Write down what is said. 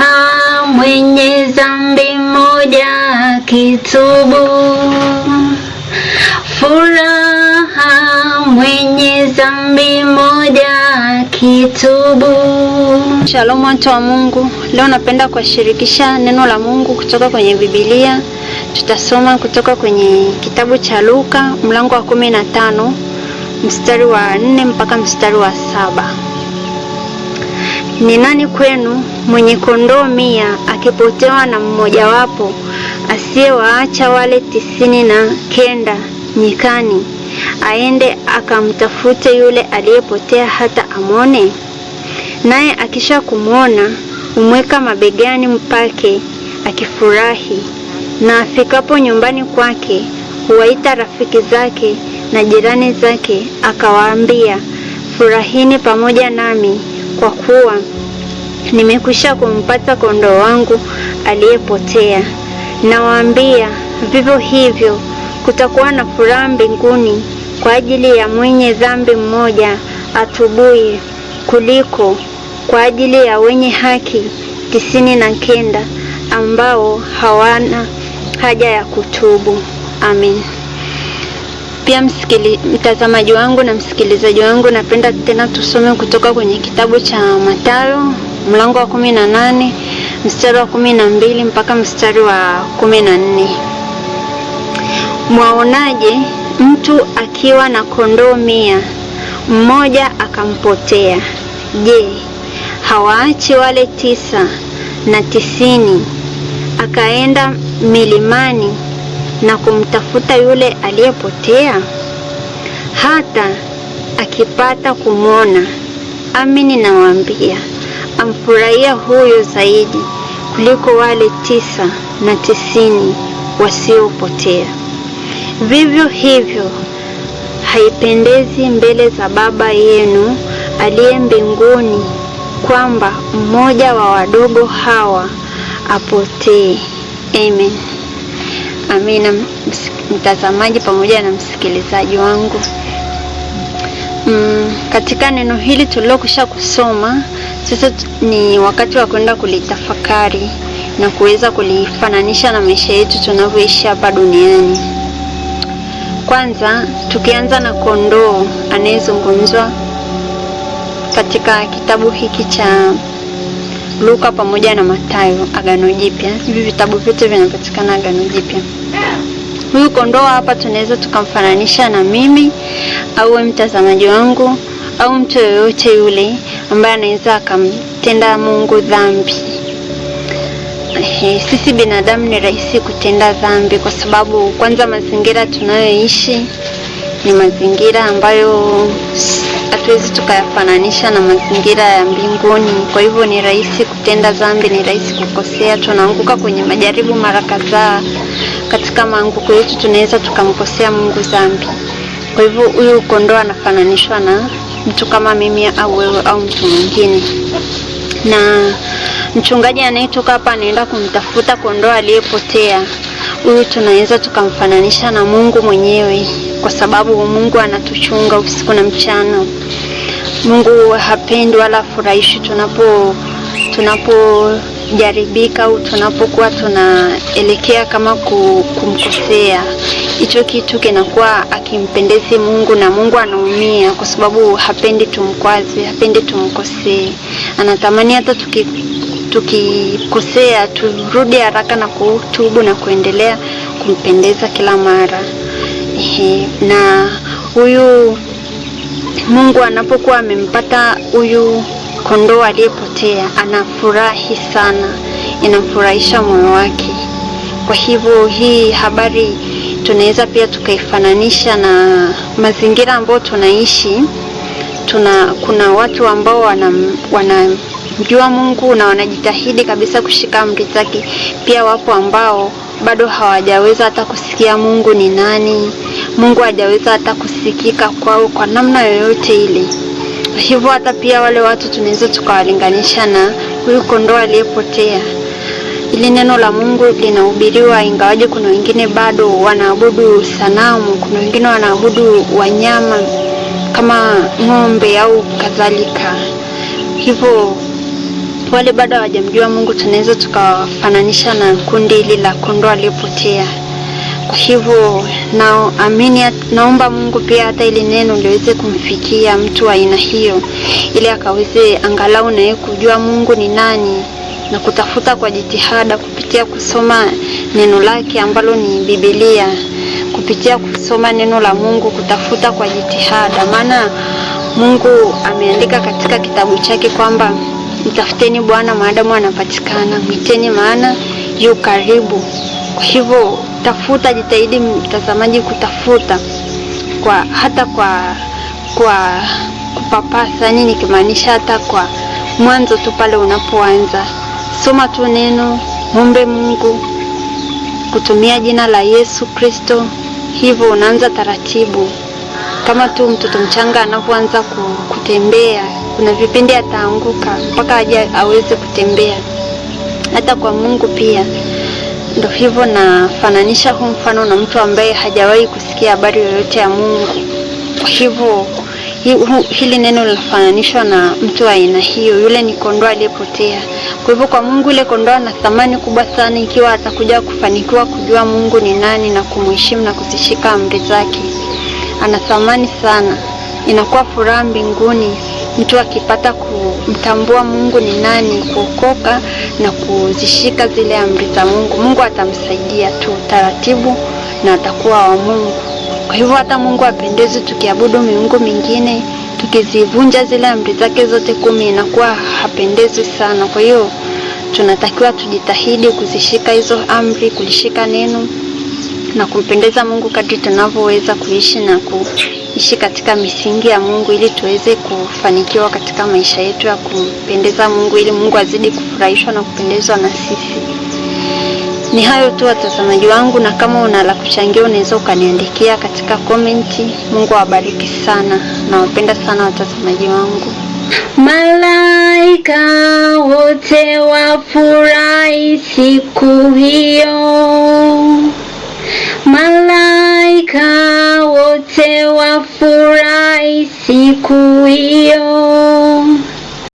msamaha, mwenye dhambi moja kitubu. Furaha, mwenye dhambi moja kitubu. Shalom watu wa Mungu, leo napenda kuwashirikisha neno la Mungu kutoka kwenye Biblia. Tutasoma kutoka kwenye kitabu cha Luka mlango wa kumi na tano mstari wa nne mpaka mstari wa saba. Ni nani kwenu mwenye kondoo mia akipotewa na mmojawapo, asiyewaacha wale tisini na kenda nyikani, aende akamtafute yule aliyepotea hata amwone? Naye akisha kumwona, humweka mabegani mpake akifurahi. Na afikapo nyumbani kwake, huwaita rafiki zake na jirani zake, akawaambia, furahini pamoja nami, kwa kuwa Nimekwisha kumpata kondoo wangu aliyepotea. Nawaambia vivyo hivyo, kutakuwa na furaha mbinguni kwa ajili ya mwenye dhambi mmoja atubuye kuliko kwa ajili ya wenye haki tisini na kenda ambao hawana haja ya kutubu. Amin. Pia msikili, mtazamaji wangu na msikilizaji wangu, napenda tena tusome kutoka kwenye kitabu cha Mathayo mlango wa kumi na nane mstari wa kumi na mbili mpaka mstari wa kumi na nne Mwaonaje mtu akiwa na kondoo mia mmoja akampotea? Je, hawaachi wale tisa na tisini akaenda milimani na kumtafuta yule aliyepotea? Hata akipata kumwona, amini nawaambia amfurahia huyo zaidi kuliko wale tisa na tisini wasiopotea. Vivyo hivyo haipendezi mbele za Baba yenu aliye mbinguni kwamba mmoja wa wadogo hawa apotee. Amen. Amina, mtazamaji pamoja na msikilizaji wangu. Mm, katika neno hili tulilokwisha kusoma sasa ni wakati wa kwenda kulitafakari na kuweza kulifananisha na maisha yetu tunavyoishi hapa duniani. Kwanza tukianza na kondoo anayezungumzwa katika kitabu hiki cha Luka pamoja na Mathayo, Agano Jipya. Hivi vitabu vyote vinapatikana Agano Jipya. Huyu kondoo hapa tunaweza tukamfananisha na mimi au mtazamaji wangu au mtu yoyote yule ambaye anaweza akamtenda Mungu dhambi. sisi binadamu ni rahisi kutenda dhambi kwa sababu kwanza mazingira tunayoishi ni mazingira ambayo hatuwezi tukayafananisha na mazingira ya mbinguni. Kwa hivyo ni rahisi kutenda dhambi, ni rahisi kukosea, tunaanguka kwenye majaribu mara kadhaa. Katika maanguko yetu tunaweza tukamkosea Mungu dhambi. Kwa hivyo huyu kondoo anafananishwa na mtu kama mimi au wewe au mtu mwingine. Na mchungaji anayetoka hapa anaenda kumtafuta kondoo aliyepotea, huyu tunaweza tukamfananisha na Mungu mwenyewe, kwa sababu Mungu anatuchunga usiku na mchana. Mungu hapendi wala furahishi tunapo tunapo jaribika au tunapokuwa tunaelekea kama kumkosea, hicho kitu kinakuwa akimpendezi Mungu na Mungu anaumia, kwa sababu hapendi tumkwaze, hapendi tumkosee. Anatamani hata tuki tukikosea turudi haraka na kutubu na kuendelea kumpendeza kila mara. Ehe, na huyu Mungu anapokuwa amempata huyu kondoo aliyepotea anafurahi sana, inamfurahisha moyo wake. Kwa hivyo hii habari tunaweza pia tukaifananisha na mazingira ambayo tunaishi. Tuna, kuna watu ambao wanamjua wana Mungu na wanajitahidi kabisa kushika amri zake. Pia wapo ambao bado hawajaweza hata kusikia Mungu ni nani, Mungu hajaweza hata kusikika kwao kwa namna yoyote ile hivyo hata pia wale watu tunaweza tukawalinganisha na huyu kondoo aliyepotea. Ili neno la Mungu linahubiriwa, ingawaje kuna wengine bado wanaabudu sanamu, kuna wengine wanaabudu wanyama kama ng'ombe au kadhalika. Hivyo wale bado hawajamjua Mungu tunaweza tukawafananisha na kundi hili la kondoo aliyepotea hivyo na amini, naomba Mungu pia hata ili neno liweze kumfikia mtu wa aina hiyo, ili akaweze angalau naye kujua Mungu ni nani na kutafuta kwa jitihada kupitia kusoma neno lake ambalo ni Biblia, kupitia kusoma neno la Mungu, kutafuta kwa jitihada, maana Mungu ameandika katika kitabu chake kwamba mtafuteni Bwana maadamu anapatikana, mwiteni maana yu karibu. Kwa hivyo tafuta, jitahidi mtazamaji kutafuta kwa hata kwa kwa kupapasa yani nikimaanisha hata kwa mwanzo tu pale unapoanza, soma tu neno, mombe Mungu kutumia jina la Yesu Kristo. Hivyo unaanza taratibu, kama tu mtoto mchanga anapoanza kutembea, kuna vipindi ataanguka mpaka aje aweze kutembea. Hata kwa Mungu pia Ndo hivyo nafananisha huu mfano na mtu ambaye hajawahi kusikia habari yoyote ya Mungu. Kwa hivyo hili neno linafananishwa na mtu wa aina hiyo, yule ni kondoo aliyepotea. Kwa hivyo kwa Mungu yule kondoo ana thamani kubwa sana, ikiwa atakuja kufanikiwa kujua Mungu ni nani na kumheshimu na kuzishika amri zake, ana thamani sana, inakuwa furaha mbinguni mtu akipata kumtambua Mungu ni nani, kuokoka na kuzishika zile amri za Mungu, Mungu atamsaidia tu taratibu na atakuwa wa Mungu. Kwa hivyo hata Mungu apendezi tukiabudu miungu mingine, tukizivunja zile amri zake zote kumi, inakuwa hapendezi sana. Kwa hiyo tunatakiwa tujitahidi kuzishika hizo amri, kulishika neno na kumpendeza Mungu kadri tunavyoweza kuishi na ku tuishi katika misingi ya Mungu ili tuweze kufanikiwa katika maisha yetu ya kumpendeza Mungu ili Mungu azidi kufurahishwa na kupendezwa na sisi. Ni hayo tu watazamaji wangu, na kama una la kuchangia unaweza ukaniandikia katika komenti. Mungu awabariki sana, nawapenda sana watazamaji wangu. Malaika wote wafurahi siku hiyo. Malaika Hakika wote wafurahi siku hiyo.